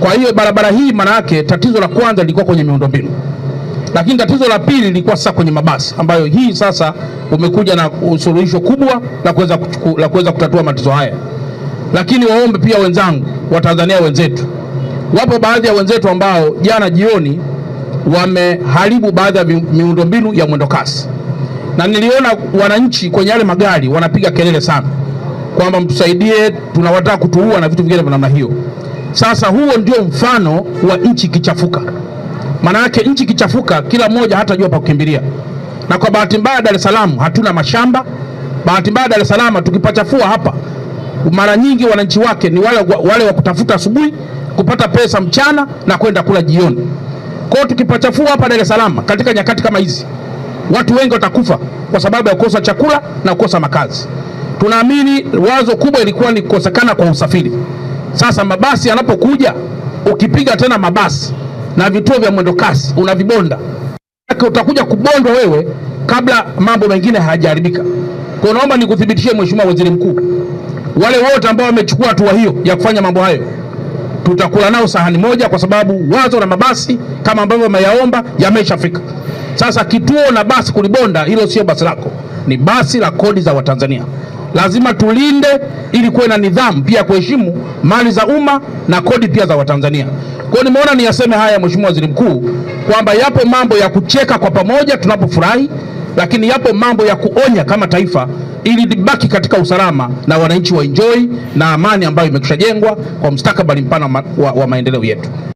Kwa hiyo barabara hii, maana yake tatizo la kwanza lilikuwa kwenye miundombinu, lakini tatizo la pili lilikuwa sasa kwenye mabasi, ambayo hii sasa umekuja na usuluhisho kubwa la kuweza la kuweza kutatua matatizo haya. Lakini waombe pia wenzangu, Watanzania wenzetu, wapo baadhi ya wenzetu ambao jana jioni wameharibu baadhi ya miundombinu ya mwendokasi, na niliona wananchi kwenye yale magari wanapiga kelele sana kwamba mtusaidie, tunawataka kutuua na vitu vingine vya namna hiyo. Sasa huo ndio mfano wa nchi ikichafuka. Maana yake nchi kichafuka kila mmoja hatajua pa kukimbilia, na kwa bahati mbaya Dar es Salaam hatuna mashamba. Bahati mbaya Dar es Salaam tukipachafua hapa, mara nyingi wananchi wake ni wale, wale wa kutafuta asubuhi kupata pesa mchana na kwenda kula jioni. Kwa tukipachafua hapa Dar es Salaam katika nyakati kama hizi, watu wengi watakufa kwa sababu ya kukosa chakula na kukosa makazi. Tunaamini wazo kubwa ilikuwa ni kukosekana kwa usafiri. Sasa mabasi yanapokuja, ukipiga tena mabasi na vituo vya mwendo kasi unavibonda, utakuja kubondwa wewe kabla mambo mengine hayajaharibika. Kwa naomba nikuthibitishie Mheshimiwa Waziri Mkuu, wale wote ambao wamechukua hatua hiyo ya kufanya mambo hayo tutakula nao sahani moja, kwa sababu wazo la mabasi kama ambavyo wameyaomba yameshafika. Sasa kituo na basi kulibonda, hilo sio basi lako, ni basi la kodi za Watanzania lazima tulinde ili kuwe na nidhamu pia kuheshimu mali za umma na kodi pia za Watanzania. Kwa hiyo nimeona niyaseme haya, Mheshimiwa Waziri Mkuu, kwamba yapo mambo ya kucheka kwa pamoja tunapofurahi, lakini yapo mambo ya kuonya kama taifa ili libaki katika usalama na wananchi wa enjoy na amani ambayo imekusha jengwa kwa mstakabali mpana wa, wa maendeleo yetu.